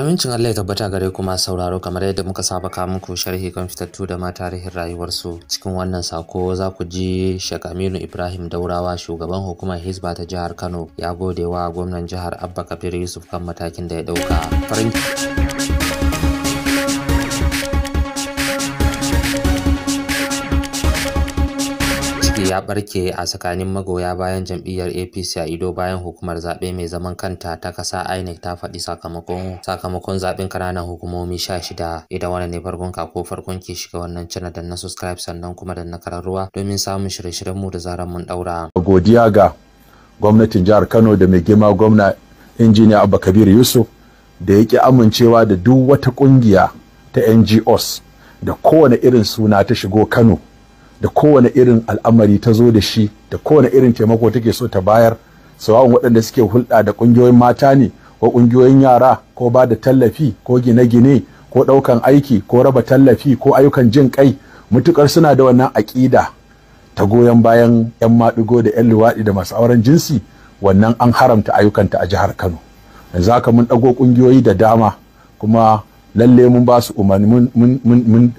Amincin Allah ya tabbata gare ku masu sauraro kamar yadda muka saba ka muku sharhi kan fitattu da ma tarihin rayuwarsu cikin wannan sako za ku ji Sheikh Aminu Ibrahim Daurawa shugaban hukumar Hizba ta jihar Kano ya gode wa gwamnan jihar Abba Kabir Yusuf kan matakin da ya dauka. Farin ya barke a tsakanin magoya bayan jam'iyyar APC a Ido bayan hukumar zaɓe mai zaman kanta ta kasa INEC ta faɗi sakamakon sakamakon zaɓen ƙananan hukumomi sha shida Idan wani ne farkon ka ko farkon ke shiga wannan canal da na subscribe sannan kuma da na kararruwa domin samun shirye-shiryen mu da zarar mun ɗaura Godiya ga gwamnatin jihar Kano da mai girma gwamna injiniya Abba Kabir Yusuf da yake amincewa da duk wata ƙungiya ta NGOs da kowane irin suna ta shigo Kano da kowane irin al'amari ta zo da shi da kowane irin taimako take so ta bayar sawawan waɗanda suke hulɗa da ƙungiyoyin mata ne ko ƙungiyoyin yara ko ba da tallafi ko gine-gine ko ɗaukan aiki ko raba tallafi ko ayyukan jin kai mutukar suna da wannan aƙida ta goyon bayan 'yan maɗigo da 'yan luwaɗi da masu auren jinsi wannan an haramta ayyukanta a jihar kano yanzu haka mun ɗago ƙungiyoyi da dama kuma lalle mun ba su umarni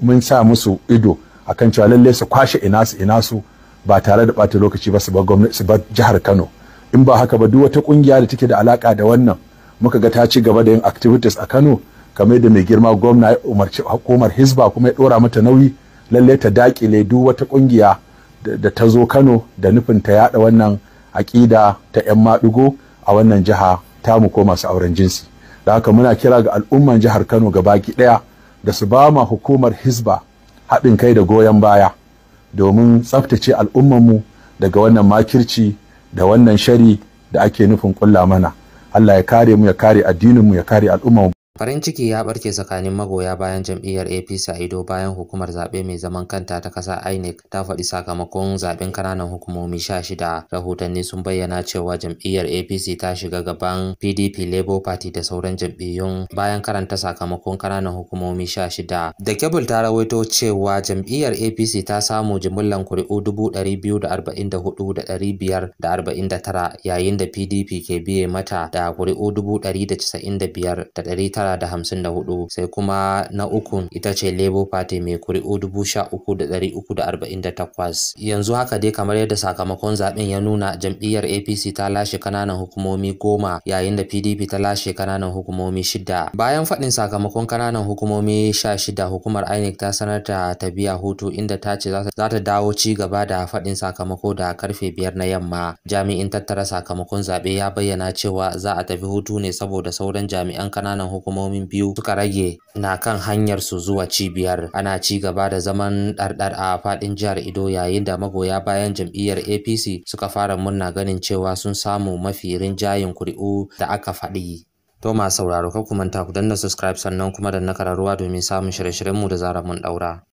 mun sa musu ido akan cewa lallai su kwashe ina su ina su ba tare da bata lokaci ba su bar jihar Kano in ba haka ba duk wata kungiya da take da alaka da wannan muka ga ta ci gaba da yin activities a Kano kamar da mai girma gwamna ya umarci hukumar Hizba kuma ya dora mata nauyi lallai ta dakile duk wata kungiya da ta zo Kano da nufin ta yada wannan aƙida ta 'yan maɗigo a wannan jiha tamu ko masu auren jinsi da haka muna kira ga al'umman jihar Kano gabaki ɗaya da su ba ma hukumar Hizba haɗin kai da goyon baya domin tsaftace al'ummanmu daga wannan makirci da wannan shari da ake nufin ƙulla mana Allah ya kare mu ya kare addininmu ya kare al'ummanmu Farin ciki ya barke tsakanin magoya bayan jam'iyyar APC a Ido bayan hukumar zaɓe mai zaman kanta ta ƙasa INEC ta faɗi sakamakon zaɓen ƙananan hukumomi sha shida. Rahotanni sun bayyana cewa jam'iyyar APC ta shiga gaban PDP Labour Party da sauran jam'iyyun bayan karanta sakamakon ƙananan hukumomi sha shida. Da kebul ta rawaito cewa jam'iyyar APC ta samu jimillan kuri'u dubu ɗari biyu da arba'in da hudu da ɗari biyar da arba'in da tara yayin da PDP ke biye mata da kuri'u dubu ɗari da casa'in da biyar da ɗari tara da hamsin da hudu sai kuma na uku ita ce labour party mai kuri'u dubu sha uku da dari uku da arba'in da takwas yanzu haka dai kamar yadda sakamakon zaben ya nuna jam'iyyar apc ta lashe kananan hukumomi goma yayin da pdp ta lashe kananan hukumomi shida bayan faɗin sakamakon kananan hukumomi sha shida hukumar inec ta sanar da ta biya hutu inda ta ce za ta dawo ci gaba da faɗin sakamako da karfe biyar na yamma jami'in tattara sakamakon zaɓe ya bayyana cewa za a tafi hutu ne saboda sauran jami'an kananan hukumomi hukumomin biyu suka rage na kan hanyar su zuwa cibiyar ana ci gaba da zaman ɗarɗar a faɗin jihar Ido yayin da magoya bayan jam'iyyar APC suka fara murna ganin cewa sun samu mafi rinjayen kuri'u da aka faɗi. To masu sauraro kuma ku manta ku danna subscribe sannan kuma da na domin samun shirye-shiryenmu da zarar mun ɗaura.